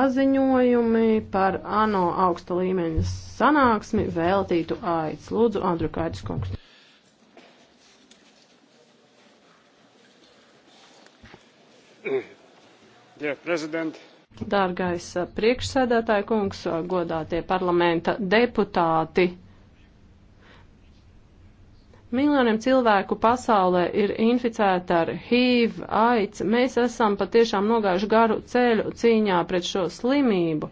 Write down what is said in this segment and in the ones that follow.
paziņojumi par ANO augsta līmeņa sanāksmi veltītu aids. Lūdzu, Andru Kaidis kungs. Dārgais uh, priekšsēdētāji kungs, uh, godātie parlamenta deputāti. Miljoniem cilvēku pasaulē ir inficēta ar HIV, AIDS. Mēs esam patiešām nogājuši garu ceļu cīņā pret šo slimību.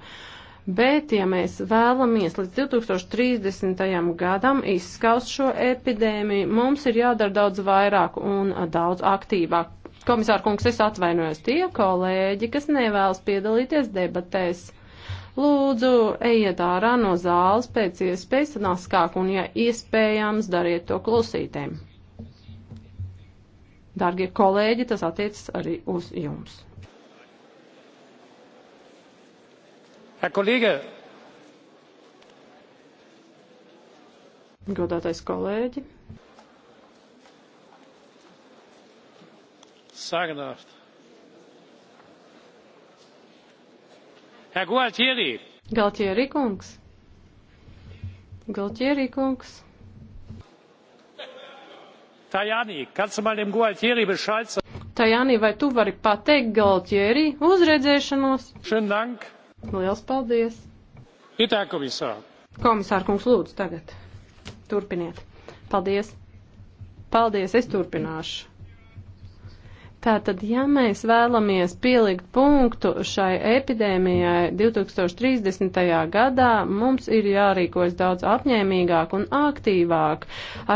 Bet, ja mēs vēlamies līdz 2030. gadam izskaust šo epidēmiju, mums ir jādara daudz vairāk un daudz aktīvāk. Komisāra kungs, es atvainojos tie kolēģi, kas nevēlas piedalīties debatēs. Lūdzu, ejiet ārā no zāles pēc iespējas naskāk un, ja iespējams, dariet to klusītēm. Dargie kolēģi, tas attiecas arī uz jums. Herr Kollege, Godātais kolēģi. Sāgnāft. Gualtieri. Galtieri kungs. Galtieri kungs. Tajani, kannst du mal dem Gualtieri Bescheid sagen? Tajani, vai tu vari pateikt Galtieri uzredzēšanos? Šen dank. Liels paldies. Itā komisār. Komisār kungs lūdzu tagad. Turpiniet. Paldies. Paldies, es turpināšu. Tātad, ja mēs vēlamies pielikt punktu šai epidēmijai 2030. gadā, mums ir jārīkojas daudz apņēmīgāk un aktīvāk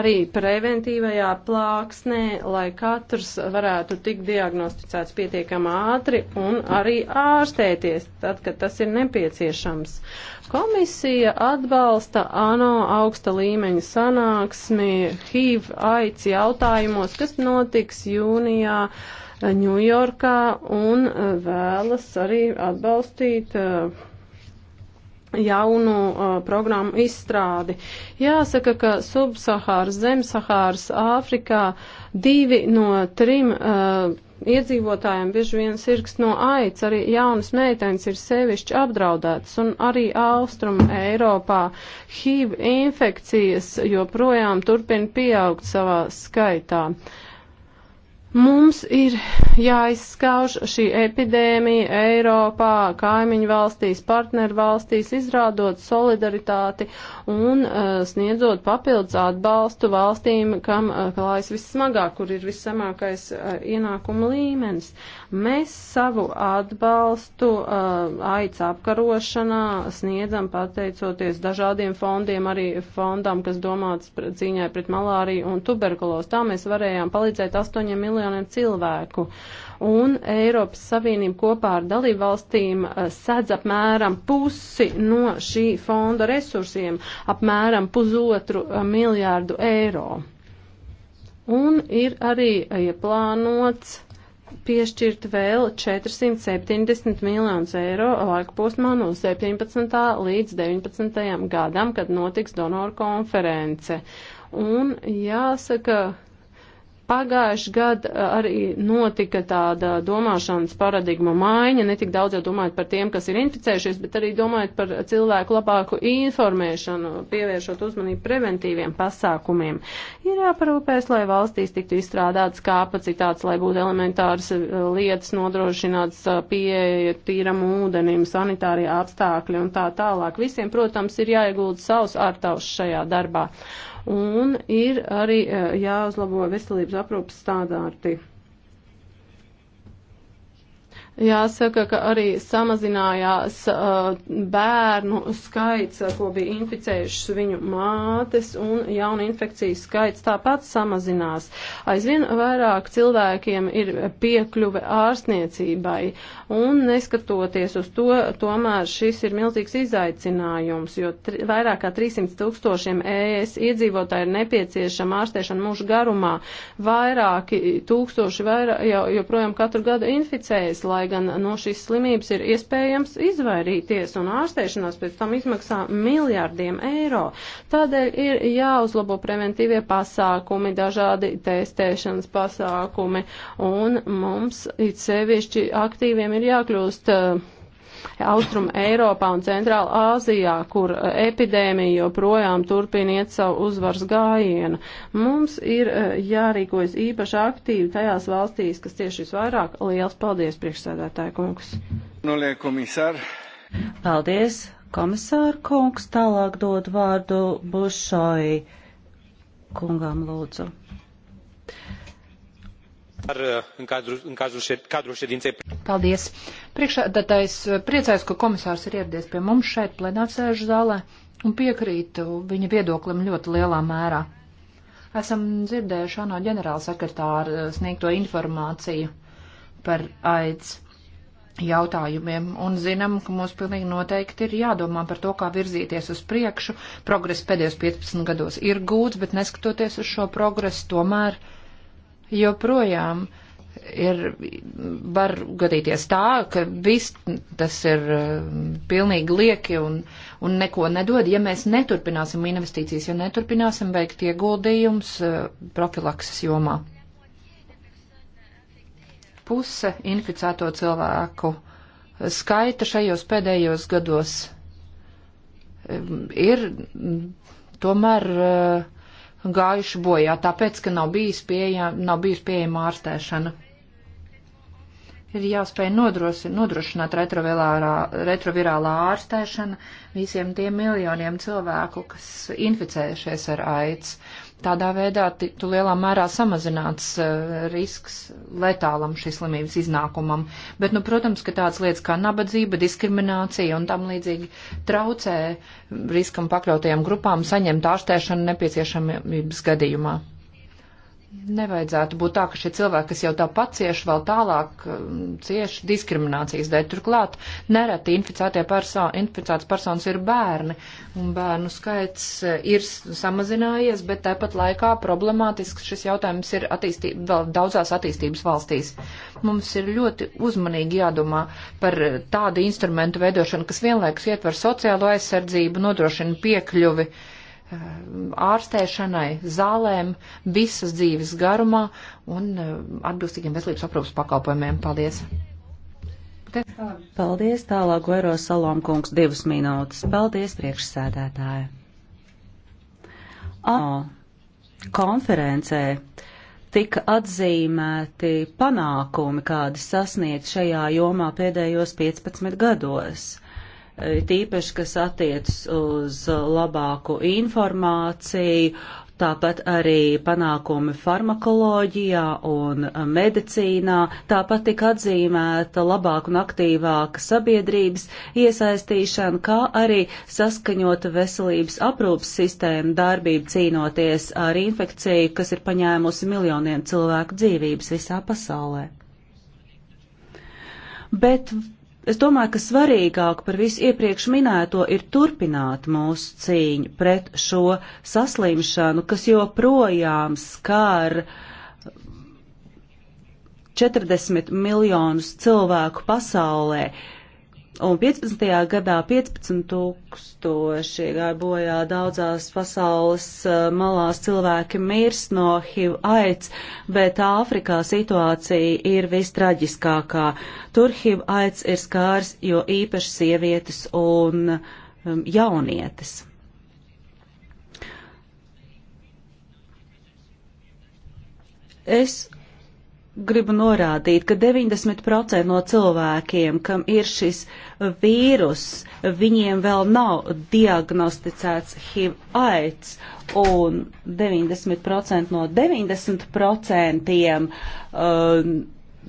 arī preventīvajā plāksnē, lai katrs varētu tik diagnosticēts pietiekam ātri un arī ārstēties, tad, kad tas ir nepieciešams. Komisija atbalsta ANO augsta līmeņa sanāksmi HIV aids e jautājumos, kas notiks jūnijā. Uh, Ņujorkā un e, vēlas arī atbalstīt e, jaunu uh, programmu izstrādi. Jāsaka, ka subsahāras, zemsahāras Āfrikā divi no trim uh, iedzīvotājiem bieži vien sirgs no aids, arī jaunas meitenes ir sevišķi apdraudētas, un arī austrumu Eiropā HIV infekcijas joprojām turpina pieaugt savā skaitā. Uh, Mums ir jāizskauž šī epidēmija Eiropā, kaimiņu valstīs, partneru valstīs, izrādot solidaritāti un uh, sniedzot papildus atbalstu valstīm, kam uh, klājas vissmagāk, kur ir vissamākais uh, ienākuma līmenis. Mēs savu atbalstu uh, aic apkarošanā sniedzam pateicoties dažādiem fondiem, arī fondam, kas domāts cīņai pret malāriju un tuberkulos. Tā mēs varējām palīdzēt 8 miljoniem miljoniem cilvēku. Un Eiropas Savienība kopā ar dalību valstīm eh, sedz apmēram pusi no šī fonda resursiem, apmēram pusotru eh, miljārdu eiro. Un ir arī eh, ieplānots. Ja piešķirt vēl 470 miljonus eiro laika posmā no 17. līdz 19. gadam, kad notiks donoru konference. Un jāsaka, Pagājuši gad eh, arī notika tāda domāšanas paradigma maiņa, ne tik daudz jau domājot par tiem, kas ir inficējušies, bet arī domājot par cilvēku labāku informēšanu, pievēršot uzmanību preventīviem pasākumiem. Ir jāparūpēs, lai valstīs tiktu izstrādātas kapacitātes, lai būtu elementāras eh, lietas nodrošināts eh, pieeja tīram ūdenim, sanitārie apstākļi un tā tālāk. Visiem, protams, ir jāiegūda savs ārtavs šajā darbā un ir arī eh, jāuzlabo veselības aprūpas standārti. Jāsaka, ka arī samazinājās uh, bērnu skaits, uh, ko bija inficējušas viņu mātes, un jauna infekcijas skaits tāpat samazinās. Aizvien vairāk cilvēkiem ir piekļuve ārstniecībai, un neskatoties uz to, tomēr šis ir milzīgs izaicinājums, jo vairāk kā 300 tūkstošiem ES iedzīvotāji ir nepieciešama ārstēšana mūžu garumā. Vairāki tūkstoši vairāk, jau, joprojām katru gadu inficējas, lai lai gan no šīs slimības ir iespējams izvairīties, un ārstēšanās pēc tam izmaksā miljārdiem eiro. Tādēļ ir jāuzlabo preventīvie pasākumi, dažādi testēšanas pasākumi, un mums it sevišķi aktīviem ir jākļūst uh, Austrum Eiropā un Centrāla Āzijā, kur epidēmija joprojām turpina iet savu uzvaras gājienu. Mums ir eh, jārīkojas īpaši aktīvi tajās valstīs, kas tieši visvairāk. Liels paldies, priekšsēdētāja kungs! Nolie komisār! Paldies, komisāra kungs! Tālāk dod vārdu Bušoji kungām lūdzu. Ar, un uh, kadru, un kadru šeit, kadru šeit Paldies. Priekšādātais uh, priecājos, ka komisārs ir ieradies pie mums šeit plenārsēžu zālē un piekrītu viņa viedoklim ļoti lielā mērā. Esam dzirdējuši ANO ģenerāla sekretāra uh, sniegto informāciju par aids jautājumiem un zinām, ka mums pilnīgi noteikti ir jādomā par to, kā virzīties uz priekšu. Progress pēdējos 15 gados ir gūts, bet neskatoties uz šo progresu, tomēr uh, joprojām ir, var gadīties tā, ka viss tas ir eh, pilnīgi lieki un, un neko nedod, ja mēs neturpināsim investīcijas, ja neturpināsim veikt ieguldījums eh, profilakses jomā. Puse inficēto cilvēku skaita šajos pēdējos gados eh, ir tomēr uh, gājuši bojā, tāpēc, ka nav bijis pieejama, nav bijis pieejama ārstēšana. Ir jāspēj nodrosi, nodrošināt retrovirālā ārstēšana visiem tiem miljoniem cilvēku, kas inficējušies ar aids. Tādā veidā tu lielā mērā samazināts uh, risks letālam šīs slimības iznākumam. Bet, nu, protams, ka tādas lietas kā nabadzība, diskriminācija un tam līdzīgi traucē riskam pakļautajām grupām saņemt ārstēšanu nepieciešamības gadījumā. Nevajadzētu būt tā, ka šie cilvēki, kas jau tā pacieš, vēl tālāk um, cieši diskriminācijas dēļ. Turklāt nereti perso inficētas personas ir bērni, un bērnu skaits eh, ir samazinājies, bet tāpat laikā problemātisks šis jautājums ir attīstī, vēl daudzās attīstības valstīs. Mums ir ļoti uzmanīgi jādomā par eh, tādu instrumentu veidošanu, kas vienlaikus ietver sociālo aizsardzību, nodrošina piekļuvi uh, Eh, ārstēšanai, zālēm, visas dzīves garumā un eh, atbilstīgiem veselības aprūpas pakalpojumiem. Paldies! Paldies tālāk, Guero Salomkungs, divas minūtes. Paldies, priekšsēdētāji. ANO konferencē tika atzīmēti panākumi, kādi sasniegt šajā jomā pēdējos 15 gados tīpaši, kas attiecas uz labāku informāciju, tāpat arī panākumi farmakoloģijā un medicīnā, tāpat tika atzīmēta labāka un aktīvāka sabiedrības iesaistīšana, kā arī saskaņota veselības aprūpas sistēma darbība cīnoties ar infekciju, kas ir paņēmusi miljoniem cilvēku dzīvības visā pasaulē. Bet Es domāju, ka svarīgāk par visu iepriekš minēto ir turpināt mūsu cīņu pret šo saslimšanu, kas joprojām skar 40 miljonus cilvēku pasaulē. Uh, Un 15. gadā 15 tūkstoši gāja bojā daudzās pasaules eh, malās cilvēki mirst no HIV aids, bet Āfrikā situācija ir vistraģiskākā. Tur HIV aids ir skārs, jo īpaši sievietes un um, jaunietes. Es gribu norādīt, ka 90% no cilvēkiem, kam ir šis vīrus, viņiem vēl nav diagnosticēts HIV aids, un 90% no 90% um,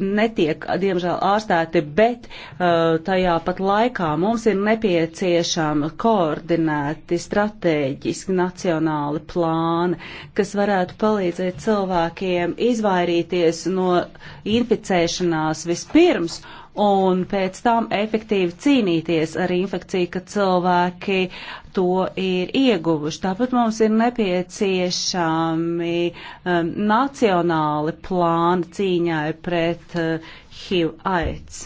netiek, diemžēl, ārstēti, bet uh, tajā pat laikā mums ir nepieciešama koordinēti, strateģiski, nacionāli plāni, kas varētu palīdzēt cilvēkiem izvairīties no inficēšanās vispirms un pēc tam efektīvi cīnīties ar infekciju, kad cilvēki to ir ieguvuši. Tāpat mums ir nepieciešami um, nacionāli plāni cīņai pret uh, HIV aids.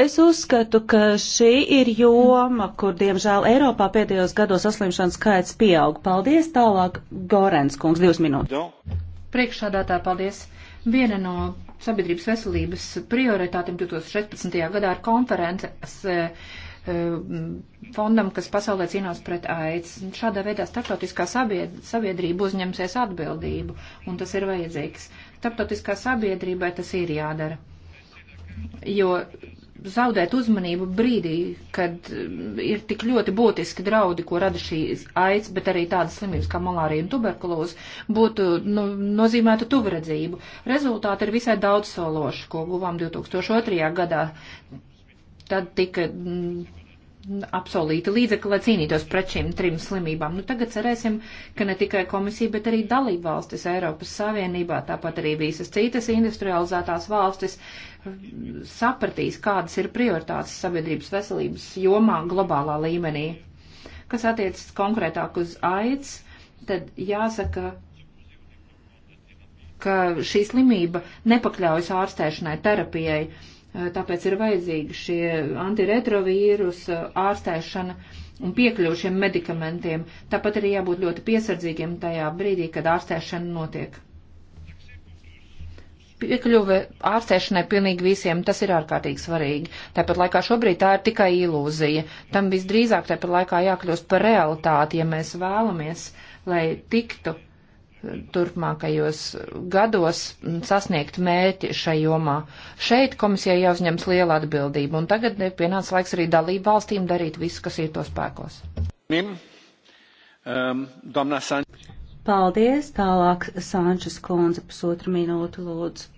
Es uzskatu, ka šī ir joma, kur, diemžēl, Eiropā pēdējos gados saslimšanas skaits pieaug. Paldies tālāk, Gorens kungs, divas minūtes. Priekšādātā, paldies. Viena no sabiedrības veselības prioritātiem 2016. gadā ir konferences eh, eh, fondam, kas pasaulē cīnās pret AIDS. Šādā veidā starptautiskā sabiedrība uzņemsies atbildību, un tas ir vajadzīgs. Starptautiskā sabiedrībai tas ir jādara. Jo zaudēt uzmanību brīdī, kad mm, ir tik ļoti būtiski draudi, ko rada šī aids, bet arī tādas slimības kā malārija un tuberkulūze, būtu nu, nozīmētu tuvredzību. Rezultāti ir visai daudz sološi, ko guvām 2002. gadā. Tad tika. Mm, apsolīti līdzekļi, lai cīnītos pret šīm trim slimībām. Nu, tagad cerēsim, ka ne tikai komisija, bet arī dalība valstis Eiropas Savienībā, tāpat arī visas citas industrializētās valstis sapratīs, kādas ir prioritātes sabiedrības veselības jomā globālā līmenī. Kas attiecas konkrētāk uz aids, tad jāsaka, ka šī slimība nepakļaujas ārstēšanai, terapijai Eh, tāpēc ir vajadzīgi šie antiretrovīrusu eh, ārstēšana un piekļuvu šiem medikamentiem. Tāpat arī jābūt ļoti piesardzīgiem tajā brīdī, kad ārstēšana notiek piekļuve ārstēšanai pilnīgi visiem, tas ir ārkārtīgi svarīgi. Tāpat laikā šobrīd tā ir tikai ilūzija. Tam visdrīzāk tāpat laikā jākļūst par realitāti, ja mēs vēlamies, lai tiktu turpmākajos gados sasniegt mērķi šai jomā. Šeit komisijai jāuzņems liela atbildība, un tagad pienāca laiks arī dalību valstīm darīt visu, kas ir to spēkos. Um, Paldies, tālāk Sančes kundze pusotru minūtu lūdzu.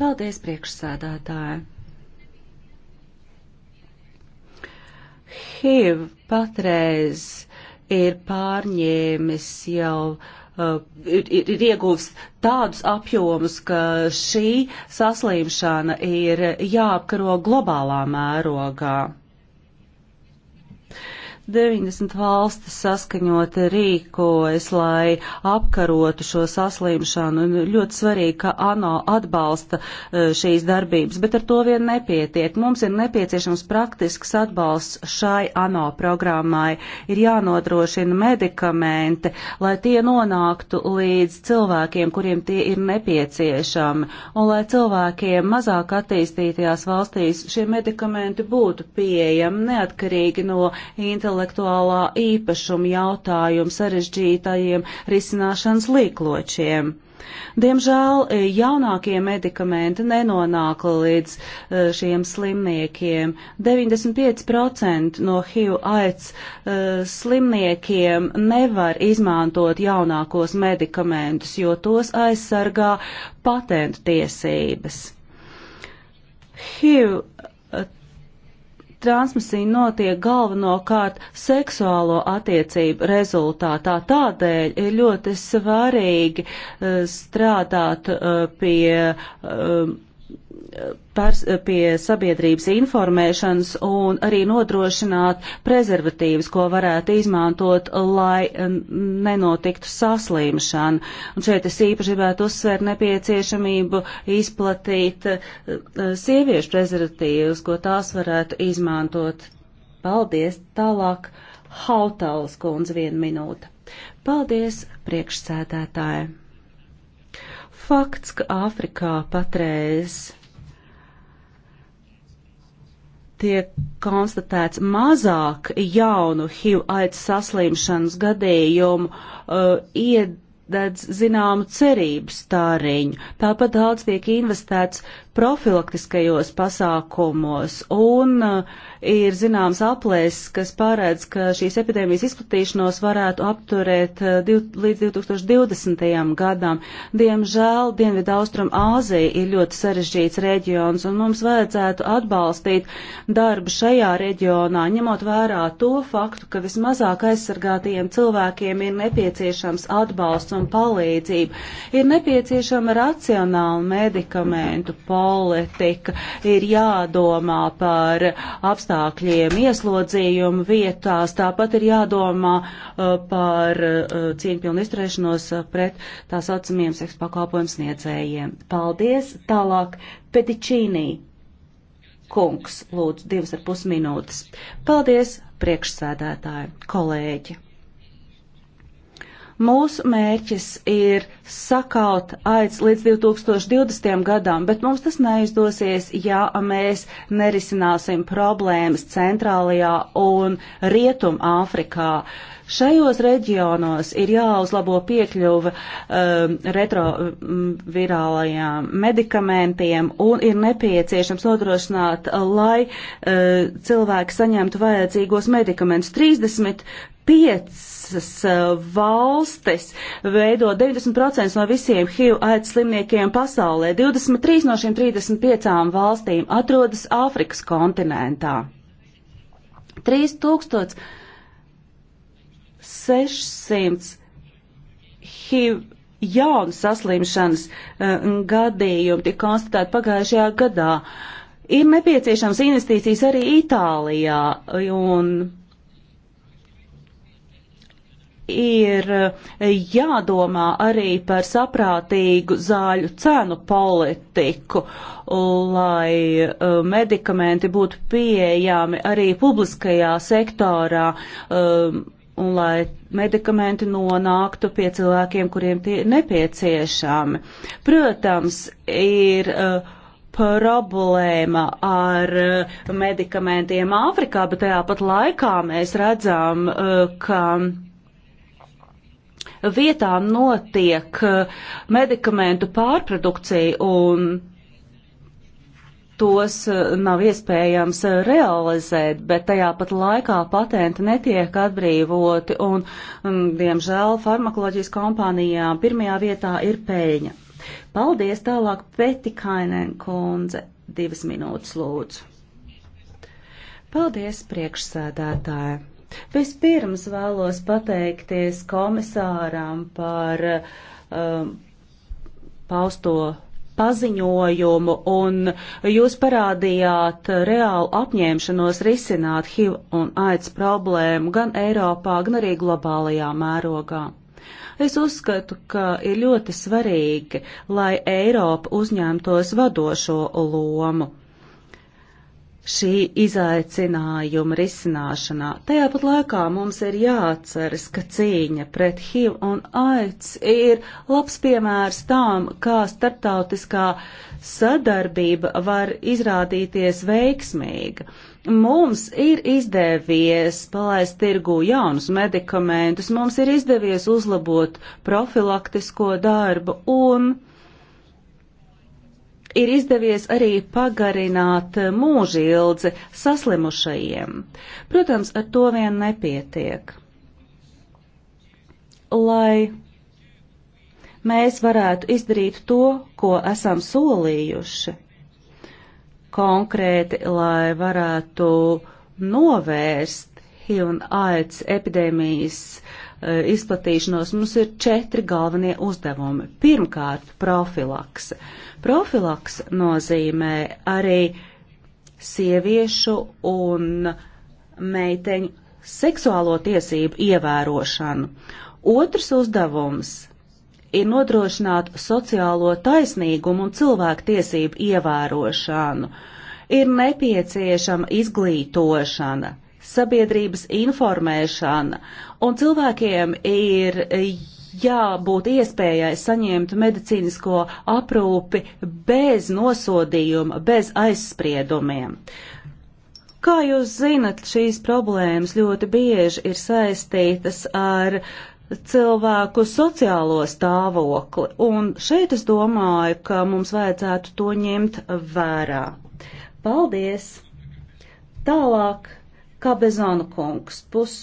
Paldies, priekšsēdētāji. HIV patreiz ir pārņēmis jau uh, Uh, ir, ir ieguvis tādus apjomus, ka šī saslimšana ir jāapkaro globālā mērogā. 90 valstis saskaņoti rīkojas, lai apkarotu šo saslimšanu. Un ļoti svarīgi, ka ANO atbalsta e, šīs darbības, bet ar to vien nepietiek. Mums ir nepieciešams praktisks atbalsts šai ANO programmai. Ir jānodrošina medikamenti, lai tie nonāktu līdz cilvēkiem, kuriem tie ir nepieciešami, un lai cilvēkiem mazāk attīstītajās valstīs šie medikamenti būtu pieejami neatkarīgi no intelektuālajiem intelektuālā īpašuma jautājumu sarežģītajiem risināšanas līkločiem. Diemžēl e, jaunākie medikamenti nenonāk līdz e, šiem slimniekiem. 95% no HIV aids e, slimniekiem nevar izmantot jaunākos medikamentus, jo tos aizsargā patentu tiesības. HIV transmisija notiek galvenokārt seksuālo attiecību rezultātā. Tādēļ ir ļoti svarīgi eh, strādāt eh, pie eh, pers, pie sabiedrības informēšanas un arī nodrošināt prezervatīvas, ko varētu izmantot, lai nenotiktu saslimšana. Un šeit es īpaši gribētu uzsvērt nepieciešamību izplatīt e, e, sieviešu prezervatīvas, ko tās varētu izmantot. Paldies! Tālāk Hautals kundze vienu minūte. Paldies, priekšsēdētāji! Fakts, ka Āfrikā patreiz tiek konstatēts mazāk jaunu HIV aids saslimšanas gadījumu uh, iededz zināmu cerību stāriņu. Tāpat daudz tiek investēts profilaktiskajos pasākumos, un eh, ir zināms aplēses, kas paredz, ka šīs epidēmijas izplatīšanos varētu apturēt eh, div, līdz 2020. gadam. Diemžēl Dienvidu Austrum Āzija ir ļoti sarežģīts reģions, un mums vajadzētu atbalstīt darbu šajā reģionā, ņemot vērā to faktu, ka vismazāk aizsargātajiem cilvēkiem ir nepieciešams atbalsts un palīdzība. Ir nepieciešama racionāla medikamentu palīdzība politika, ir jādomā par apstākļiem ieslodzījumu vietās, tāpat ir jādomā uh, par uh, cīņpilnu izturēšanos uh, pret tā saucamiem seks pakalpojumu sniedzējiem. Paldies! Tālāk Pedičīnī. Kungs, lūdzu, divas ar pus minūtes. Paldies, priekšsēdētāji, kolēģi! Mūsu mērķis ir sakaut aids līdz 2020. gadam, bet mums tas neizdosies, ja mēs nerisināsim problēmas centrālajā un rietum Āfrikā. Šajos reģionos ir jāuzlabo piekļuva um, retrovirālajām medikamentiem un ir nepieciešams nodrošināt, lai uh, cilvēki saņemtu vajadzīgos medikamentus. 30 piecas eh, valstis veido 90% no visiem HIV aids slimniekiem pasaulē. 23 no šiem 35 valstīm atrodas Āfrikas kontinentā. 3600 HIV jaunu saslimšanas eh, gadījumu tika konstatēti pagājušajā gadā. Ir nepieciešams investīcijas arī Itālijā, un ir eh, jādomā arī par saprātīgu zāļu cenu politiku, lai eh, medikamenti būtu pieejami arī publiskajā sektorā. Um, un lai medikamenti nonāktu pie cilvēkiem, kuriem tie nepieciešami. Protams, ir uh, problēma ar medikamentiem Āfrikā, bet tajā pat laikā mēs redzam, uh, ka vietā notiek eh, medikamentu pārprodukcija un tos eh, nav iespējams eh, realizēt, bet tajā pat laikā patenti netiek atbrīvoti un, un mm, diemžēl, farmakoloģijas kompānijām pirmajā vietā ir pēļņa. Paldies tālāk Petikainen kundze, divas minūtes lūdzu. Paldies priekšsēdētāji. Vispirms vēlos pateikties komisāram par um, pausto paziņojumu un jūs parādījāt reālu apņēmšanos risināt HIV un AIDS problēmu gan Eiropā, gan arī globālajā mērogā. Es uzskatu, ka ir ļoti svarīgi, lai Eiropa uzņemtos vadošo lomu šī izaicinājuma risināšanā. Tajā pat laikā mums ir jāatceras, ka cīņa pret HIV un AIDS ir labs piemērs tām, kā starptautiskā sadarbība var izrādīties veiksmīga. Mums ir izdevies palaist tirgu jaunus medikamentus, mums ir izdevies uzlabot profilaktisko darbu un ir izdevies arī pagarināt mūžildzi saslimušajiem. Protams, ar to vien nepietiek. Lai mēs varētu izdarīt to, ko esam solījuši, konkrēti, lai varētu novērst HIV un AIDS epidēmijas uh, E, izplatīšanos, mums ir četri galvenie uzdevumi. Pirmkārt, profilaks. Profilaks nozīmē arī sieviešu un meiteņu seksuālo tiesību ievērošanu. Otrs uzdevums ir nodrošināt sociālo taisnīgumu un cilvēku tiesību ievērošanu. Ir nepieciešama izglītošana sabiedrības informēšana, un cilvēkiem ir jābūt iespējai saņemt medicīnisko aprūpi bez nosodījuma, bez aizspriedumiem. Kā jūs zinat, šīs problēmas ļoti bieži ir saistītas ar cilvēku sociālo stāvokli, un šeit es domāju, ka mums vajadzētu to ņemt vērā. Paldies! Tālāk Kā Bezona kungs, pus,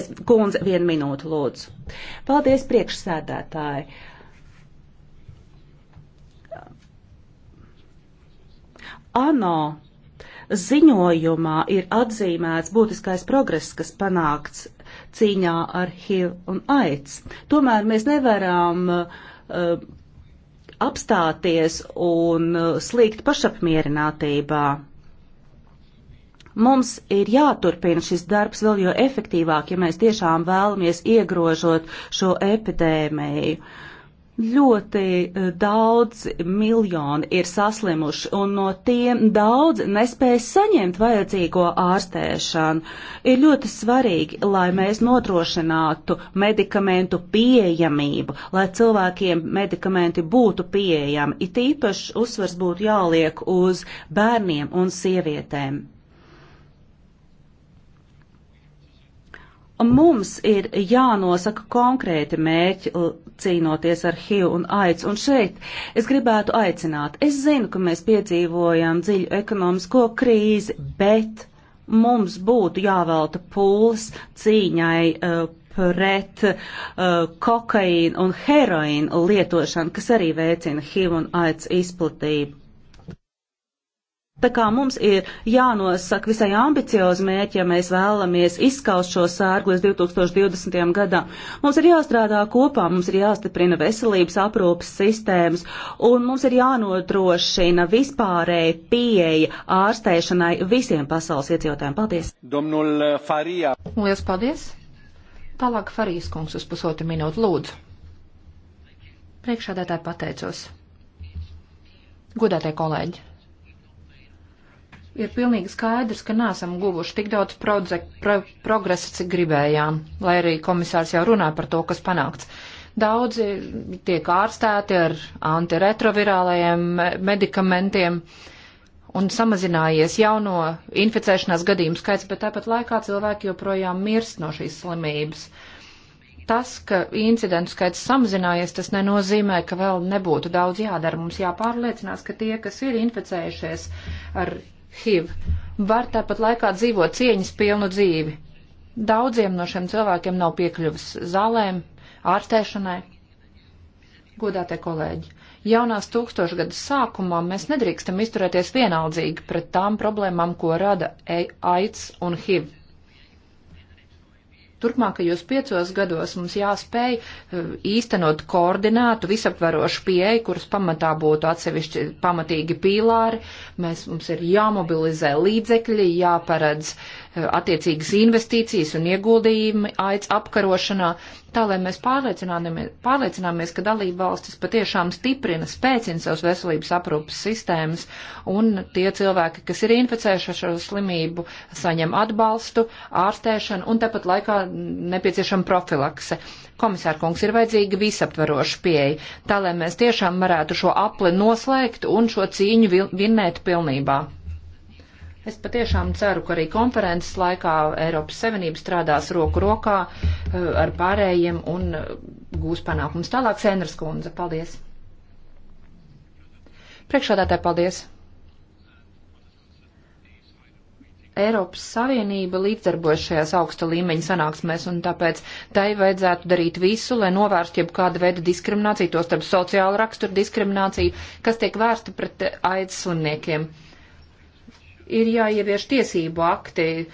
es, kundze, vienu minūtu lūdzu. Paldies priekšsēdētāji. ANO ziņojumā ir atzīmēts būtiskais progress, kas panākts cīņā ar HIV un AIDS. Tomēr mēs nevaram uh, apstāties un uh, slīgt pašapmierinātībā. Mums ir jāturpina šis darbs vēl jo efektīvāk, ja mēs tiešām vēlamies iegrožot šo epidēmiju. Ļoti eh, daudz miljoni ir saslimuši, un no tiem daudz nespēja saņemt vajadzīgo ārstēšanu. Ir ļoti svarīgi, lai mēs notrošinātu medikamentu pieejamību, lai cilvēkiem medikamenti būtu pieejami. It īpaši uzsvars būtu jāliek uz bērniem un sievietēm. mums ir jānosaka konkrēti mērķi cīnoties ar HIV un AIDS. Un šeit es gribētu aicināt. Es zinu, ka mēs piedzīvojam dziļu ekonomisko krīzi, bet mums būtu jāvelta pūles cīņai uh, pret uh, kokaīnu un heroīnu lietošanu, kas arī veicina HIV un AIDS izplatību. Tā kā mums ir jānosaka visai ambiciozi mērķi, ja mēs vēlamies izskaust šo sērgu līdz 2020. gadam. Mums ir jāstrādā kopā, mums ir jāstiprina veselības aprūpas sistēmas, un mums ir jānodrošina vispārēja pieeja ārstēšanai visiem pasaules iedzīvotājiem. Paldies! Domnul Farijā! Lielas paldies! Tālāk Farijas kungs uz pusotru minūtu lūdzu. Priekšādātāji pateicos. Godātie kolēģi! ir pilnīgi skaidrs, ka nesam guvuši tik daudz prodzek, pro, progresa, cik gribējām, lai arī komisārs jau runā par to, kas panākts. Daudzi tiek ārstēti ar antiretrovirālajiem medikamentiem un samazinājies jauno inficēšanās gadījumu skaits, bet tāpat laikā cilvēki joprojām mirst no šīs slimības. Tas, ka incidentu skaits samazinājies, tas nenozīmē, ka vēl nebūtu daudz jādara. Mums jāpārliecinās, ka tie, kas ir inficējušies ar HIV, var tāpat laikā dzīvot cieņas pilnu dzīvi. Daudziem no šiem cilvēkiem nav piekļuvis zālēm, ārstēšanai. Godātie kolēģi, jaunās tūkstošgadas sākumā mēs nedrīkstam izturēties vienaldzīgi pret tām problēmām, ko rada AIDS un HIV Turpmākajos piecos gados mums jāspēj eh, īstenot koordinātu, visaptverošu pieeju, kuras pamatā būtu atsevišķi pamatīgi pīlāri. Mēs, mums ir jāmobilizē līdzekļi, jāparedz eh, attiecīgas investīcijas un ieguldījumi aic apkarošanā, tā lai mēs pārliecināmies, ka dalība valstis patiešām stiprina, spēcina savus veselības aprūpas sistēmas un tie cilvēki, kas ir inficējuši ar šo slimību, saņem atbalstu, ārstēšanu un tepat laikā nepieciešama profilakse. Komisāra kungs ir vajadzīga visaptvaroša pieeja, tā lai mēs tiešām varētu šo apli noslēgt un šo cīņu vinnēt pilnībā. Es patiešām ceru, ka arī konferences laikā Eiropas Savienība strādās roku rokā eh, ar pārējiem un eh, gūs panākums. Tālāk Sēnras kundze, paldies! Priekšādātāji, paldies! Eiropas Savienība līdzdarbojas šajās augsta līmeņa sanāksmēs, un tāpēc tai vajadzētu darīt visu, lai novērstu jebkāda veida diskrimināciju, to starp sociālu raksturu diskrimināciju, kas tiek vērsta pret aids slimniekiem ir jāievieš tiesību akti e,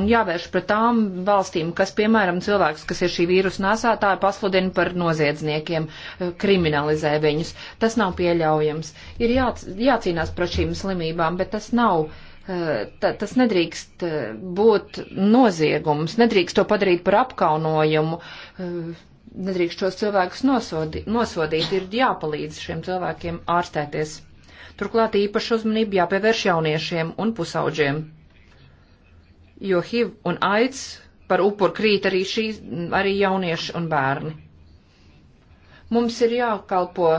un jāvērš pret tām valstīm, kas, piemēram, cilvēkus, kas ir šī vīrusa nesētāja, pasludina par noziedzniekiem, e, kriminalizē viņus. Tas nav pieļaujams. Ir jā, jācīnās par šīm slimībām, bet tas nav tā, tas nedrīkst būt noziegums, nedrīkst to padarīt par apkaunojumu, nedrīkst šos cilvēkus nosodi, nosodīt, ir jāpalīdz šiem cilvēkiem ārstēties. Turklāt īpaši uzmanību jāpievērš jauniešiem un pusauģiem, jo HIV un AIDS par upuru krīt arī, šī, arī jaunieši un bērni. Mums ir jākalpo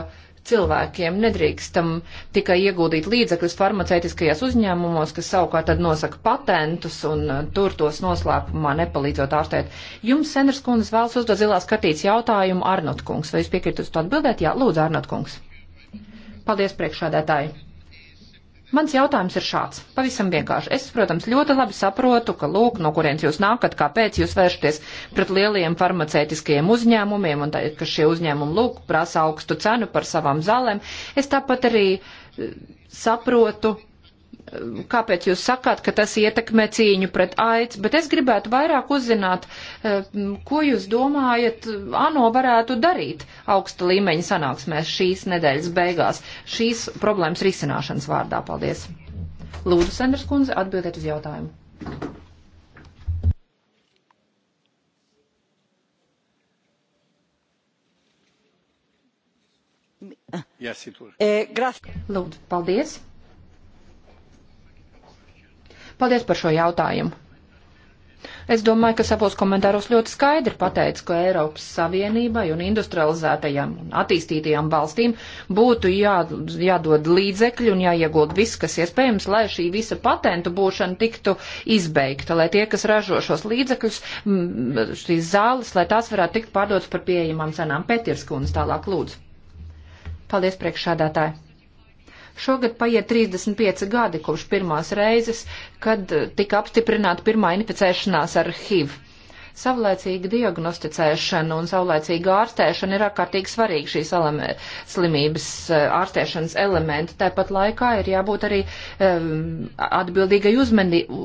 cilvēkiem. Nedrīkstam tikai ieguldīt līdzekļus farmaceitiskajās uzņēmumos, kas savukārt tad nosaka patentus un uh, tur tos noslēpumā nepalīdzot ārstēt. Jums, Sendras kundze, vēlas uzdot zilā skatīts jautājumu Arnotkungs. Vai jūs piekritus to atbildēt? Jā, lūdzu, Arnotkungs. Paldies, priekšādētāji. Mans jautājums ir šāds. Pavisam vienkārši. Es, protams, ļoti labi saprotu, ka lūk, no kurienes jūs nākat, kāpēc jūs vēršaties pret lielajiem farmacētiskajiem uzņēmumiem un tā, ka šie uzņēmumi lūk prasa augstu cenu par savām zālēm. Es tāpat arī eh, saprotu, kāpēc jūs sakāt, ka tas ietekmē cīņu pret aids, bet es gribētu vairāk uzzināt, eh, ko jūs domājat, ANO varētu darīt augsta līmeņa sanāksmēs šīs nedēļas beigās, šīs problēmas risināšanas vārdā. Paldies! Lūdzu, Sanders kundze, atbildiet uz jautājumu. Yes, eh, Lūdzu, paldies! Paldies par šo jautājumu. Es domāju, ka savos komentāros ļoti skaidri pateicu, ka Eiropas Savienībai un industrializētajām un attīstītajām valstīm būtu jā, jādod līdzekļi un jāiegūt viss, kas iespējams, lai šī visa patentu būšana tiktu izbeigta, lai tie, kas ražo šos līdzekļus, šīs zāles, lai tās varētu tikt pārdotas par pieejamām cenām. Pētirskundze tālāk lūdzu. Paldies, priekšādātāji! Šogad paiet 35 gadi kopš pirmās reizes, kad e, tika apstiprināta pirmā inficēšanās ar HIV. Savlaicīga diagnosticēšana un savlaicīga ārstēšana ir ārkārtīgi svarīgi šīs eleme, slimības e, ārstēšanas elementi. Tāpat laikā ir jābūt arī um, atbildīgai uzmanībai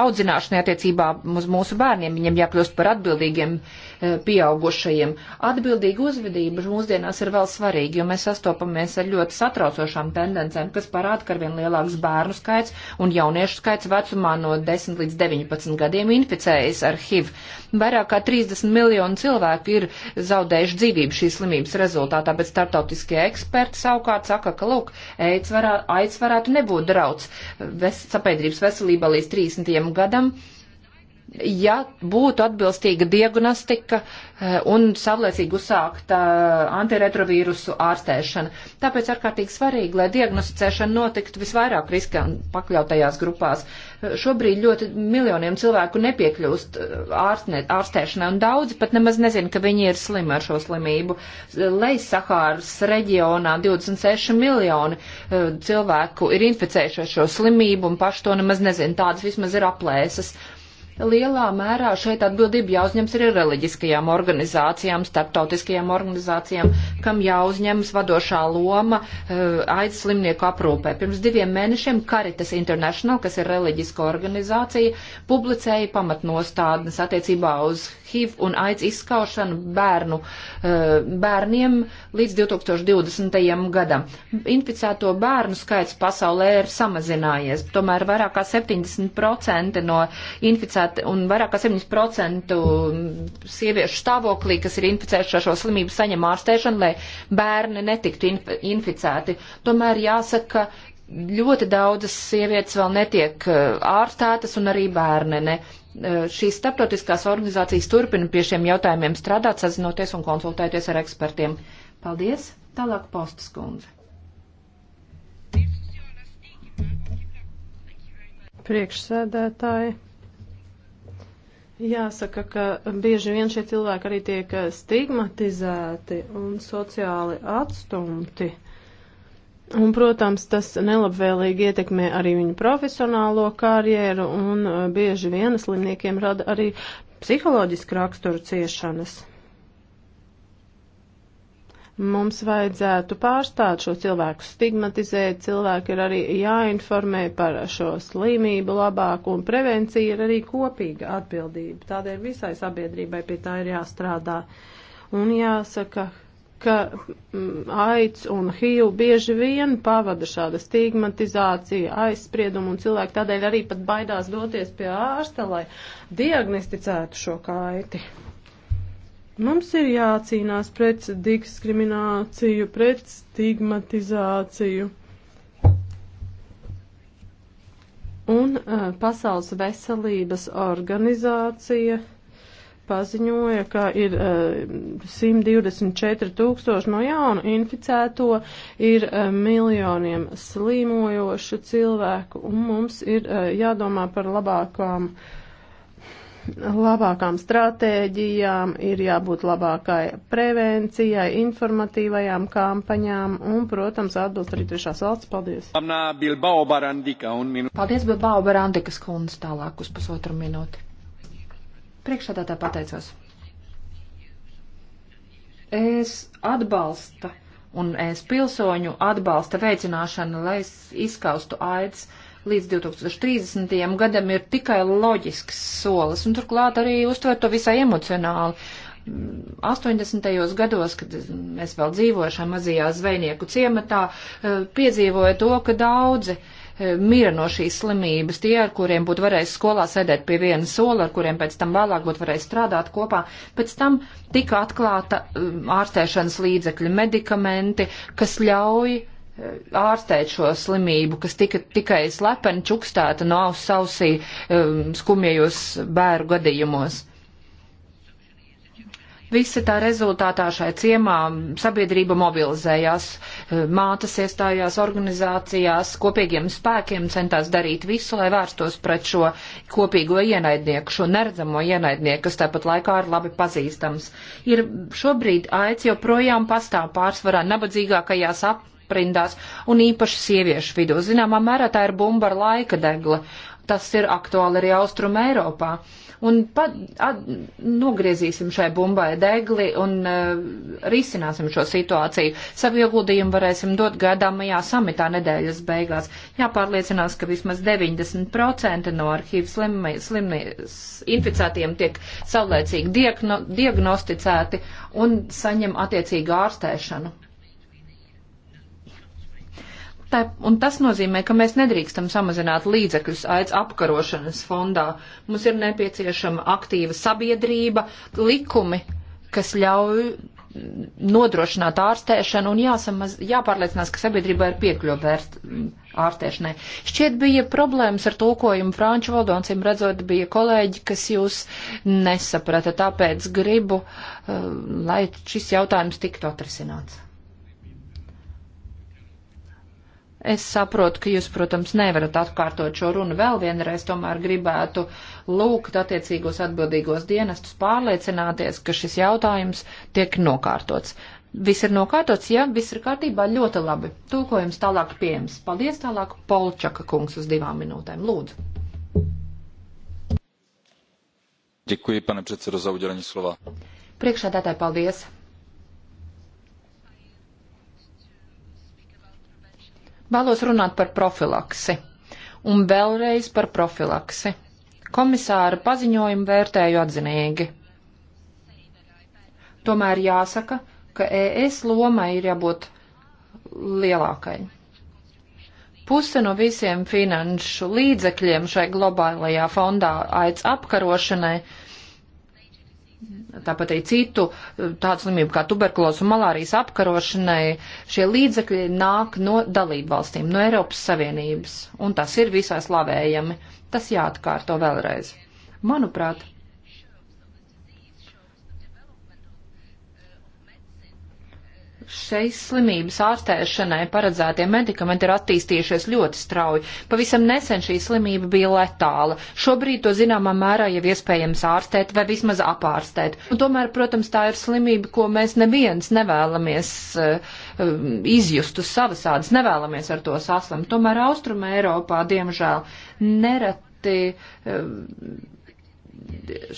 audzināšanai attiecībā uz mūsu bērniem. Viņiem jākļūst par atbildīgiem eh, pieaugušajiem. Atbildīga uzvedība mūsdienās ir vēl svarīga, jo mēs sastopamies ar ļoti satraucošām tendencēm, kas parāda, ka arvien lielāks bērnu skaits un jauniešu skaits vecumā no 10 līdz 19 gadiem inficējas ar HIV. Vairāk kā 30 miljonu cilvēku ir zaudējuši dzīvību šīs slimības rezultātā, bet startautiskie eksperti savukārt saka, ka, lūk, aids, varā, aids varētu nebūt drauds ves, sapiedrības veselībā līdz 30. gadam ja būtu atbilstīga diagnostika eh, un savlaicīgi uzsākta eh, antiretrovīrusu ārstēšana. Tāpēc ārkārtīgi svarīgi, lai diagnosticēšana notiktu visvairāk riska pakļautajās grupās. Eh, šobrīd ļoti miljoniem cilvēku nepiekļūst ārstne, ārstēšanai un daudzi pat nemaz nezin, ka viņi ir slimi ar šo slimību. Leisahāras reģionā 26 miljoni cilvēku ir inficējuši ar šo slimību un paši to nemaz nezin. Tādas vismaz ir aplēses. Uh, lielā mērā šeit atbildība jāuzņems arī reliģiskajām organizācijām, starptautiskajām organizācijām, kam jāuzņemas vadošā loma eh, aiz slimnieku aprūpē. Pirms diviem mēnešiem Caritas International, kas ir reliģiska organizācija, publicēja pamatnostādnes attiecībā uz HIV un aids izskaušanu bērnu, eh, bērniem līdz 2020. gadam. Inficēto bērnu skaits pasaulē ir samazinājies, tomēr vairāk kā 70% no inficēto vajadzētu, un vairāk kā 7% sieviešu stāvoklī, kas ir inficējuši ar šo slimību, saņem ārstēšanu, lai bērni netiktu inf inficēti. Tomēr jāsaka, ļoti daudzas sievietes vēl netiek eh, ārstētas, un arī bērni ne. Eh, šīs starptautiskās organizācijas turpina pie šiem jautājumiem strādāt, sazinoties un konsultēties ar ekspertiem. Paldies! Tālāk postas kundze. priekšsēdētāji, Jāsaka, ka bieži vien šie cilvēki arī tiek eh, stigmatizēti un sociāli atstumti. Un, protams, tas nelabvēlīgi ietekmē arī viņu profesionālo karjeru un eh, bieži vien slimniekiem rada arī psiholoģiski raksturu ciešanas. Mums vajadzētu pārstāt šo cilvēku stigmatizēt, cilvēki ir arī jāinformē par šo slimību labāk, un prevencija ir arī kopīga atbildība. Tādēļ visai sabiedrībai pie tā ir jāstrādā. Un jāsaka, ka mm, aids un HIV bieži vien pavada šāda stigmatizācija, aizsprieduma, un cilvēki tādēļ arī pat baidās doties pie ārsta, lai diagnosticētu šo kaiti. Ka Mums ir jācīnās pret diskrimināciju, pret stigmatizāciju. Un uh, Pasaules veselības organizācija paziņoja, ka ir uh, 124 tūkstoši no jaunu inficēto, ir uh, miljoniem slīmojošu cilvēku, un mums ir uh, jādomā par labākām uh, labākām stratēģijām, ir jābūt labākai prevencijai, informatīvajām kampaņām un, protams, atbilst arī trešās valsts. Paldies! Paldies, Bilbao Barandikas kundze, tālāk uz pusotru minūti. Priekšādā tā pateicos. Es atbalsta un es pilsoņu atbalsta veicināšanu, lai izskaustu aids līdz 2030. gadam ir tikai loģisks solis, un turklāt arī uztver to visai emocionāli. 80. Mm, gados, kad mēs vēl dzīvojušām mazajā zvejnieku ciematā, eh, piedzīvoja to, ka daudzi eh, mira no šīs slimības. Tie, ar kuriem būtu varējis skolā sēdēt pie viena sola, ar kuriem pēc tam vēlāk būtu varējis strādāt kopā, pēc tam tika atklāta mm, ārstēšanas līdzekļi, medikamenti, kas ļauj ārstēt šo slimību, kas tika tikai slepeni čukstāta no auss ausī um, skumjajos bēru gadījumos. Visa tā rezultātā šai ciemā sabiedrība mobilizējās, um, mātas iestājās organizācijās, kopīgiem spēkiem centās darīt visu, lai vērstos pret šo kopīgo ienaidnieku, šo neredzamo ienaidnieku, kas tāpat laikā ir labi pazīstams. Ir šobrīd aic joprojām pastāv pārsvarā nabadzīgākajās ap aprindās un īpaši sieviešu vidū. Zināmā mērā tā ir bumba ar laika degla. Tas ir aktuāli arī Austrum Eiropā. Un pat at, nogriezīsim šai bumbai degli un uh, risināsim šo situāciju. Savu ieguldījumu varēsim dot gaidāmajā samitā nedēļas beigās. Jāpārliecinās, ka vismaz 90% no arhīvas slimnīcas inficētiem tiek saulēcīgi diagno, diagnosticēti un saņem attiecīgu ārstēšanu tā, un tas nozīmē, ka mēs nedrīkstam samazināt līdzekļus aiz apkarošanas fondā. Mums ir nepieciešama aktīva sabiedrība, likumi, kas ļauj nodrošināt ārstēšanu un jāsamaz, jāpārliecinās, ka sabiedrībā ir piekļuva vērst ārstēšanai. Šķiet bija problēmas ar tulkojumu franču valodā, un, cim redzot, bija kolēģi, kas jūs nesaprata, tāpēc gribu, uh, lai šis jautājums tiktu atrisināts. Es saprotu, ka jūs, protams, nevarat atkārtot šo runu vēl vienreiz, tomēr gribētu lūgt attiecīgos atbildīgos dienestus pārliecināties, ka šis jautājums tiek nokārtots. Viss ir nokārtots, ja viss ir kārtībā, ļoti labi. Tūkojums tālāk pieejams. Paldies tālāk, Polčaka kungs, uz divām minūtēm. Lūdzu. Děkuji, pane předsedo, za udělení slova. Priekšādātāji, paldies. Vēlos runāt par profilaksi. Un vēlreiz par profilaksi. Komisāra paziņojumu vērtēju atzinīgi. Tomēr jāsaka, ka ES loma ir jābūt lielākai. Puse no visiem finanšu līdzekļiem šai globālajā fondā aiz apkarošanai uh, tāpat arī citu eh, tādu slimību kā tuberkulos un malārijas apkarošanai, šie līdzekļi nāk no dalību valstīm, no Eiropas Savienības, un tas ir visai slavējami. Tas jāatkārto vēlreiz. Manuprāt, šeis slimības ārstēšanai paredzētie medikamenti ir attīstījušies ļoti strauji. Pavisam nesen šī slimība bija letāla. Šobrīd to zināmā mērā jau iespējams ārstēt vai vismaz apārstēt. Un tomēr, protams, tā ir slimība, ko mēs neviens nevēlamies uh, izjust uz savas ādas, nevēlamies ar to saslimt. Tomēr Austrum Eiropā, diemžēl, nereti. Uh,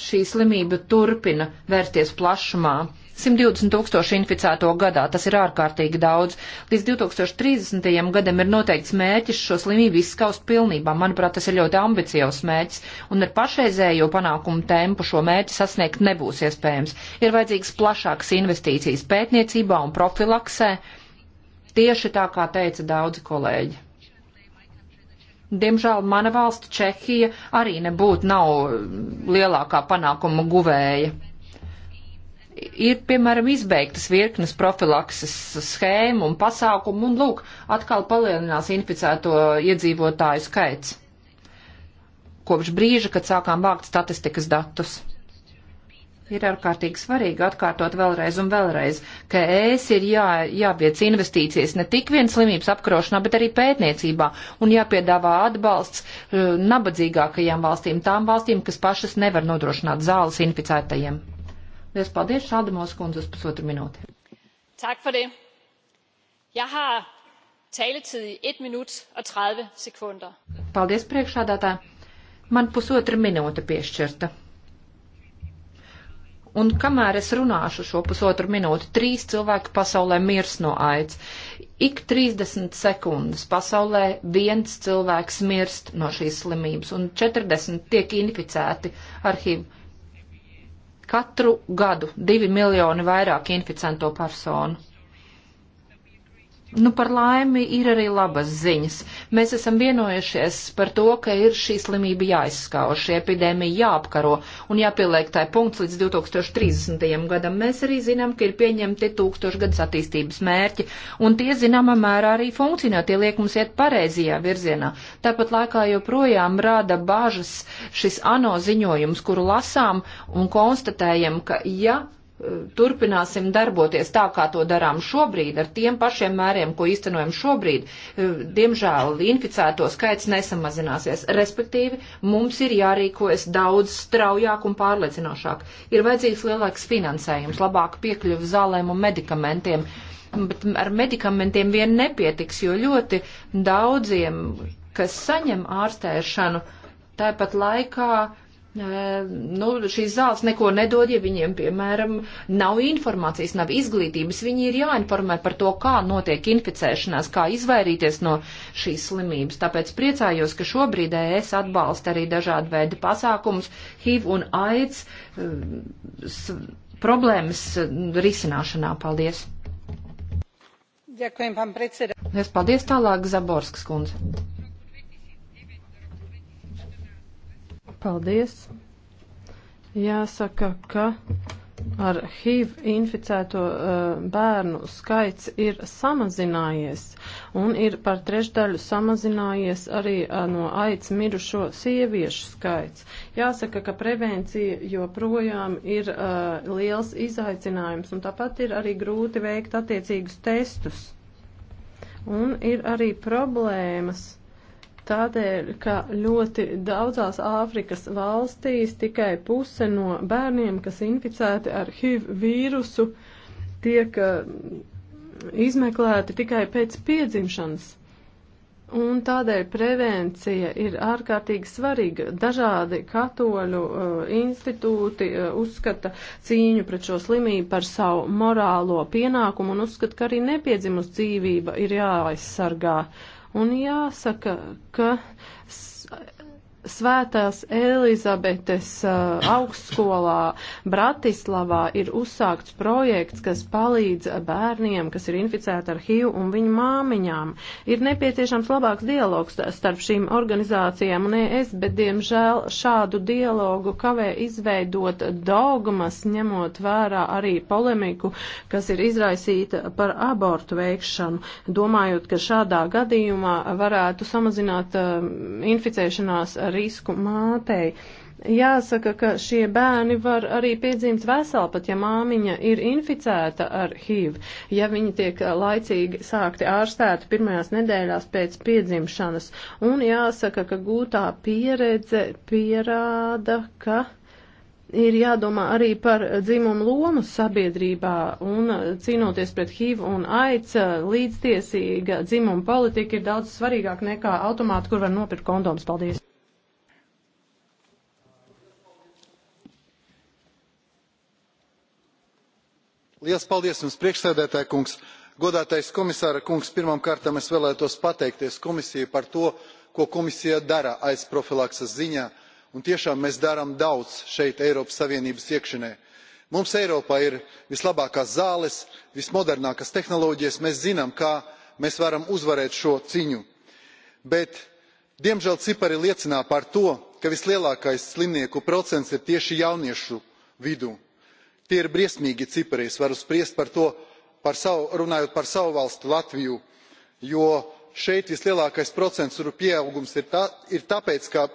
šī slimība turpina vērsties plašumā. 120 tūkstoši inficēto gadā. Tas ir ārkārtīgi daudz. Līdz 2030. gadam ir noteikts mērķis šo slimību izskaust pilnībā. Manuprāt, tas ir ļoti ambiciozs mērķis, un ar pašreizējo panākumu tempu šo mērķi sasniegt nebūs iespējams. Ir vajadzīgs plašāks investīcijas pētniecībā un profilaksē, tieši tā kā teica daudzi kolēģi. Diemžēl mana valsts Čehija arī nebūtu nav lielākā panākuma guvēja ir, piemēram, izbeigtas virknes profilakses schēmu un pasākumu, un lūk, atkal palielinās inficēto iedzīvotāju skaits kopš brīža, kad sākām vākt statistikas datus. Ir ārkārtīgi svarīgi atkārtot vēlreiz un vēlreiz, ka ēs ir jā, jāpiec investīcijas ne tik vien slimības apkarošanā, bet arī pētniecībā un jāpiedāvā atbalsts uh, nabadzīgākajām valstīm, tām valstīm, kas pašas nevar nodrošināt zāles inficētajiem. Lies paldies šāda mūsu kundze uz pusotru minūti. Tak for det. Jeg har taletid i 1 minut og 30 sekunder. Paldies priekšādātā. Man pusotra minūte piešķirta. Un kamēr es runāšu šo pusotru minūti, trīs cilvēki pasaulē mirs no aids. Ik 30 sekundes pasaulē viens cilvēks mirst no šīs slimības, un 40 tiek inficēti arhīvu Katru gadu divi miljoni vairāk inficēto personu. Nu, par laimi ir arī labas ziņas. Mēs esam vienojušies par to, ka ir šī slimība jāizskauž, šī epidēmija jāapkaro un jāpieliek tā punkts līdz 2030. gadam. Mēs arī zinām, ka ir pieņemti tūkstošgadus attīstības mērķi, un tie zināmā mērā arī funkcionē, tie liek mums iet pareizajā virzienā. Tāpat laikā joprojām rāda bāžas šis ANO ziņojums, kuru lasām un konstatējam, ka ja turpināsim darboties tā, kā to darām šobrīd, ar tiem pašiem mēriem, ko īstenojam šobrīd, e, diemžēl inficēto skaits nesamazināsies. Respektīvi, mums ir jārīkojas daudz straujāk un pārliecinošāk. Ir vajadzīgs lielāks finansējums, labāk piekļuvi zālēm un medikamentiem, bet ar medikamentiem vien nepietiks, jo ļoti daudziem, kas saņem ārstēšanu, tāpat laikā uh, Nu, šīs zāles neko nedod, ja viņiem, piemēram, nav informācijas, nav izglītības. Viņi ir jāinformē par to, kā notiek inficēšanās, kā izvairīties no šīs slimības. Tāpēc priecājos, ka šobrīd es atbalstu arī dažādu veidu pasākumus HIV un AIDS problēmas risināšanā. Paldies! Ďakujem, pán predseda. Es paldies tālāk, Zaborskas kundze. Paldies! Jāsaka, ka ar HIV inficēto uh, bērnu skaits ir samazinājies un ir par trešdaļu samazinājies arī uh, no aids mirušo sieviešu skaits. Jāsaka, ka prevencija joprojām ir uh, liels izaicinājums un tāpat ir arī grūti veikt attiecīgus testus. Un ir arī problēmas Tādēļ, ka ļoti daudzās Āfrikas valstīs tikai puse no bērniem, kas inficēti ar HIV vīrusu, tiek eh, izmeklēti tikai pēc piedzimšanas. Un tādēļ prevencija ir ārkārtīgi svarīga. Dažādi katoļu uh, institūti uh, uzskata cīņu pret šo slimību par savu morālo pienākumu un uzskata, ka arī nepiedzimus dzīvība ir jāaizsargā. Uh, Un jāsaka, ka Svētās Elizabetes uh, augstskolā Bratislavā ir uzsākts projekts, kas palīdz bērniem, kas ir inficēti ar HIV un viņu māmiņām. Ir nepieciešams labāks dialogs starp šīm organizācijām un ES, bet diemžēl šādu dialogu kavē izveidot dogmas, ņemot vērā arī polemiku, kas ir izraisīta par abortu veikšanu, domājot, ka šādā gadījumā varētu samazināt uh, inficēšanās ar risku mātei. Jāsaka, ka šie bērni var arī piedzimt veseli, pat ja māmiņa ir inficēta ar HIV. Ja viņi tiek laicīgi sākti ārstēti pirmajās nedēļās pēc piedzimšanas. Un jāsaka, ka gūtā pieredze pierāda, ka ir jādomā arī par dzimumu lomu sabiedrībā un cīnoties pret HIV un AIDS, līdztiesīga dzimuma politika ir daudz svarīgāka nekā automāti, kur var nopirkt kondoms. Paldies! liels paldies jums priekšsēdētāj kungs godātais komisāra kungs! pirmkārt es vēlētos pateikties komisijai par to ko komisija dara aids profilakses ziņā un tiešām mēs darām daudz šeit eiropas savienības iekšienē. mums eiropā ir vislabākās zāles vismodernākās tehnoloģijas mēs zinām kā mēs varam uzvarēt šo cīņu bet diemžēl cipari liecina par to ka vislielākais slimnieku procents ir tieši jauniešu vidū tie ir briesmīgi cipari es varu spriest par to par savu, runājot par savu valsti latviju jo šeit vislielākais procents pieaugums ir, tā, ir tāpēc ka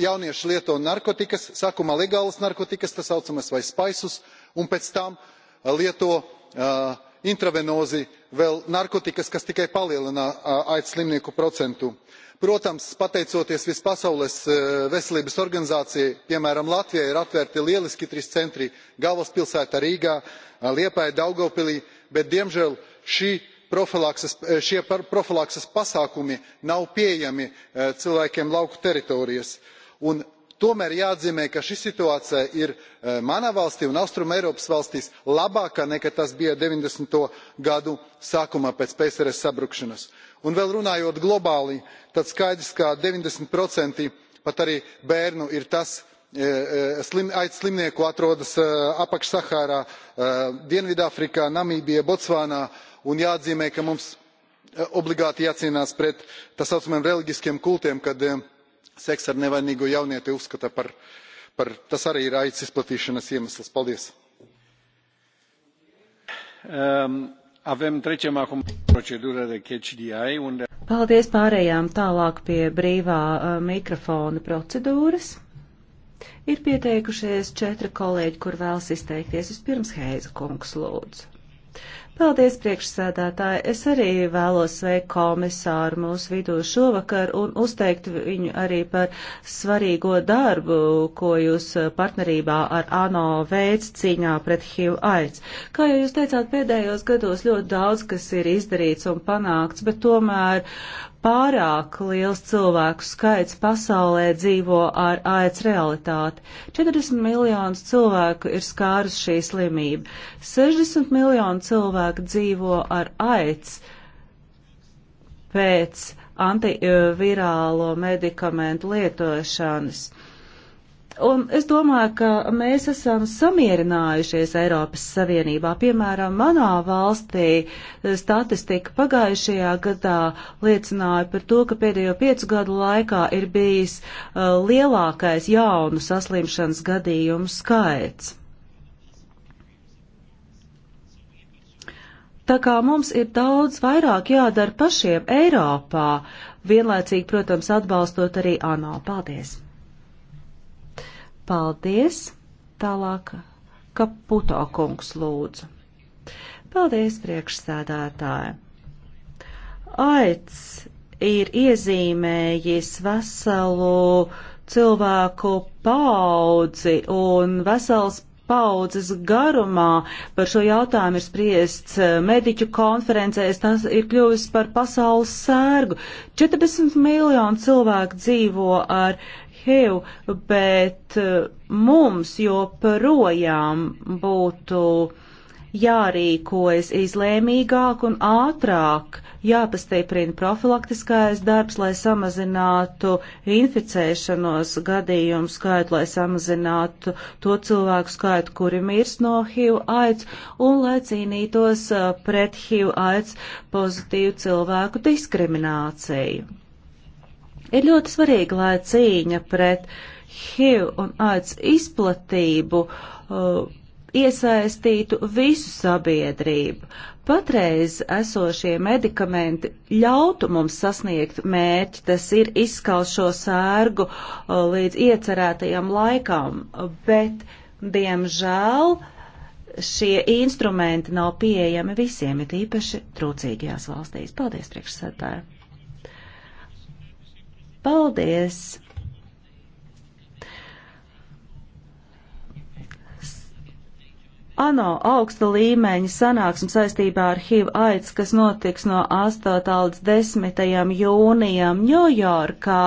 jaunieši lieto narkotikas sākumā legālas narkotikas tā saucamas vai spaisus un pēc tam uh, lieto uh, intravenozi vēl narkotikas kas tikai palielina uh, aids slimnieku procentu protams pateicoties pasaules eh, veselības organizācijai piemēram latvijai ir atvērti lieliski trīs centri galvaspilsētā rīgā eh, liepājā daugavpilī bet diemžēl eh, šie profilakses pasākumi nav pieejami cilvēkiem lauku teritorijās. tomēr jāatzīmē ka šī situācija ir manā valstī un austrumeiropas valstīs labāka nekā tas bija deviņdesmito gadu sākumā pēc psrs sabrukšanas un vēl runājot globāli tad skaidrs ka deviņdesmit pat arī bērnu ir tas e, e, aids slimnieku atrodas e, apakš sahārā dienvidāfrikā namībijā botsvānā un jāatzīmē ka mums obligāti jācīnās pret tā saucamajiem reliģiskiem kultiem kad seksu ar nevainīgo jaunieti uzskata par par tas arī ir aids izplatīšanas iemesls. paldies! Um, Avem, trecem acum procedură de catch DI, unde... Paldies, pārējām tālāk pie brīvā uh, mikrofona procedūras. Ir pieteikušies četri kolēģi, kur vēlas izteikties. Vispirms Heiza kungs lūdzu. Paldies, priekšsēdētāji! Es arī vēlos sveikt komisāru mūsu vidū šovakar un uzteikt viņu arī par svarīgo darbu, ko jūs eh, partnerībā ar ANO veids cīņā pret HIV aids. Kā jau jūs teicāt, pēdējos gados ļoti daudz, kas ir izdarīts un panākts, bet tomēr Pārāk liels cilvēku skaits pasaulē dzīvo ar AIDS realitāti. 40 miljonus cilvēku ir skārus šī slimība. 60 miljonu cilvēku dzīvo ar AIDS pēc antivirālo medikamentu lietošanas. Un es domāju, ka mēs esam samierinājušies Eiropas Savienībā. Piemēram, manā valstī statistika pagājušajā gadā liecināja par to, ka pēdējo piecu gadu laikā ir bijis uh, lielākais jaunu saslimšanas gadījumu skaits. Tā kā mums ir daudz vairāk jādara pašiem Eiropā, vienlaicīgi, protams, atbalstot arī ANO. Paldies! Paldies! Tālāk, ka puto kungs lūdzu. Paldies, priekšsēdētāji! Aids ir iezīmējis veselu cilvēku paudzi un vesels paudzes garumā par šo jautājumu ir spriests eh, mediķu konferencēs, tas ir kļuvis par pasaules sērgu. 40 miljonu cilvēku dzīvo ar HIV, bet uh, mums joprojām būtu jārīkojas izlēmīgāk un ātrāk, jāpastieprina profilaktiskais darbs, lai samazinātu inficēšanos gadījumu skaitu, lai samazinātu to cilvēku skaitu, kuri mirst no HIV aids, un lai cīnītos uh, pret HIV aids pozitīvu cilvēku diskrimināciju. Ir ļoti svarīgi, lai cīņa pret HIV un AIDS izplatību uh, iesaistītu visu sabiedrību. Patreiz esošie medikamenti ļautu mums sasniegt mērķi, tas ir izskaust šo sērgu uh, līdz iecerētajam laikam, bet, diemžēl, šie instrumenti nav pieejami visiem, it īpaši trūcīgajās valstīs. Paldies, priekšsētāji! Paldies! ANO augsta līmeņa sanāksme saistībā ar HIV aids, kas notiks no 8. līdz 10. jūnijam Ņujorkā,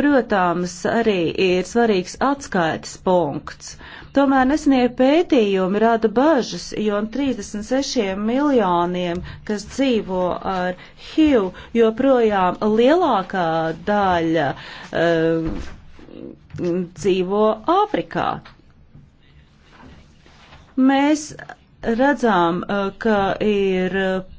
protams, arī ir svarīgs atskaites punkts. Uh, Tomēr nesenie pētījumi rada bažas, jo 36 miljoniem, kas dzīvo ar HIV, joprojām lielākā daļa um, dzīvo Āfrikā. Mēs redzām, eh, ka ir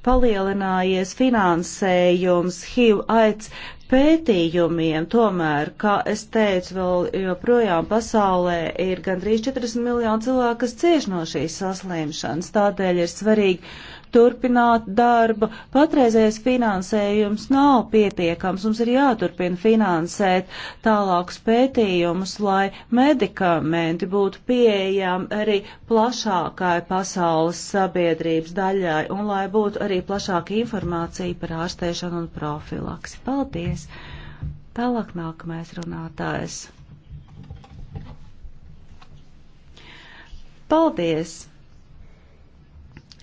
palielinājies finansējums HIV aids pētījumiem, tomēr, kā es teicu, vēl joprojām pasaulē ir gandrīz 40 miljoni cilvēku, kas cieš no šīs saslimšanas. Tādēļ ir svarīgi turpināt darbu. Patreizējais finansējums nav pietiekams, mums ir jāturpina finansēt tālākus pētījumus, lai medikamenti būtu pieejami arī plašākai pasaules sabiedrības daļai un lai būtu arī plašāka informācija par ārstēšanu un profilaksi. Paldies! Tālāk nākamais runātājs. Paldies!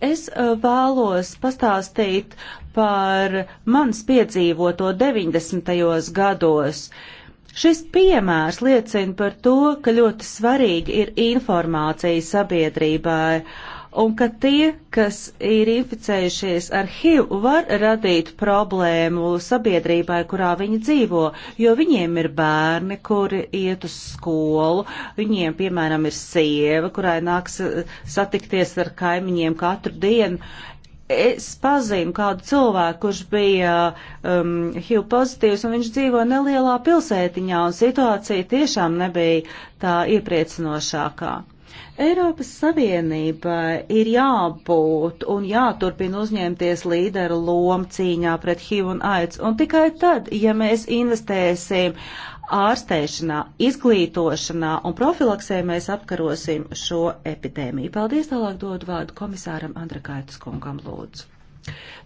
Es eh, vēlos pastāstīt par manis piedzīvoto 90. gados. Šis piemērs liecina par to, ka ļoti svarīgi ir informācija sabiedrībai. Uh, un ka tie, kas ir inficējušies ar HIV, var radīt problēmu sabiedrībai, kurā viņi dzīvo, jo viņiem ir bērni, kuri iet uz skolu, viņiem, piemēram, ir sieva, kurai nāks eh, satikties ar kaimiņiem katru dienu. Es pazinu kādu cilvēku, kurš bija um, HIV pozitīvs, un viņš dzīvo nelielā pilsētiņā, un situācija tiešām nebija tā iepriecinošākā. Eiropas Savienība ir jābūt un jāturpina uzņemties līderu lomu cīņā pret HIV un AIDS. Un tikai tad, ja mēs investēsim ārstēšanā, izglītošanā un profilaksē, mēs apkarosim šo epidēmiju. Paldies, tālāk dodu vārdu komisāram Andrakaitis kungam lūdzu.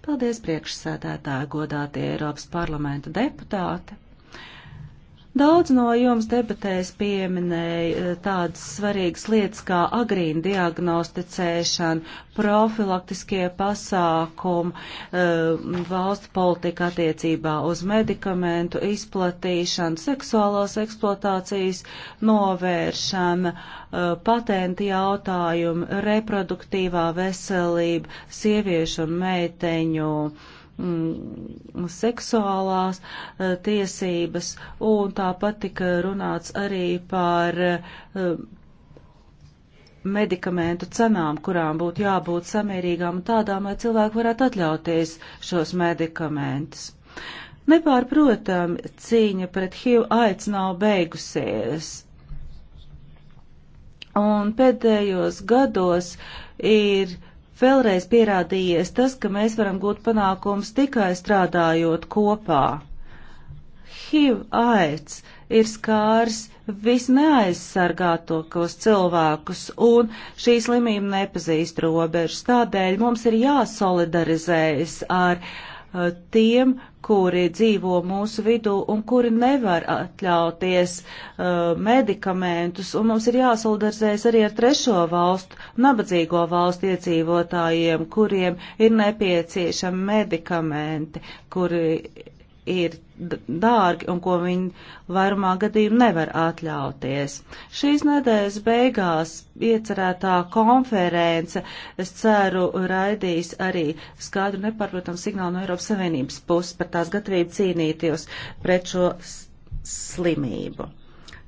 Paldies priekšsēdētāja godātie Eiropas parlamenta deputāti. Daudz no jums debatēs pieminēja eh, tādas svarīgas lietas kā agrīna diagnosticēšana, profilaktiskie pasākumi, eh, valsts politika attiecībā uz medikamentu izplatīšanu, seksuālās eksploatācijas novēršana, eh, patenti jautājumi, reproduktīvā veselība, sieviešu un meiteņu mm, seksuālās uh, tiesības, un tāpat tika runāts arī par uh, medikamentu cenām, kurām būtu jābūt samērīgām un tādām, lai cilvēki varētu atļauties šos medikamentus. Nepārprotam, cīņa pret HIV aids nav beigusies. Un pēdējos gados ir uh, vēlreiz pierādījies tas, ka mēs varam gūt panākums tikai strādājot kopā. HIV aids ir skārs visneaizsargātokos cilvēkus, un šī slimība nepazīst robežas. Tādēļ mums ir jāsolidarizējas ar uh, Eh, tiem, kuri dzīvo mūsu vidū un kuri nevar atļauties uh, medikamentus, un mums ir jāsoldarzējas arī ar trešo valstu, nabadzīgo valstu iedzīvotājiem, kuriem ir nepieciešami medikamenti, kuri ir dārgi un ko viņi vairumā gadījumu nevar atļauties. Šīs nedēļas beigās iecerētā konference, es ceru, raidīs arī skaidru nepārprotamu signālu no Eiropas Savienības puses par tās gatavību cīnīties pret šo slimību.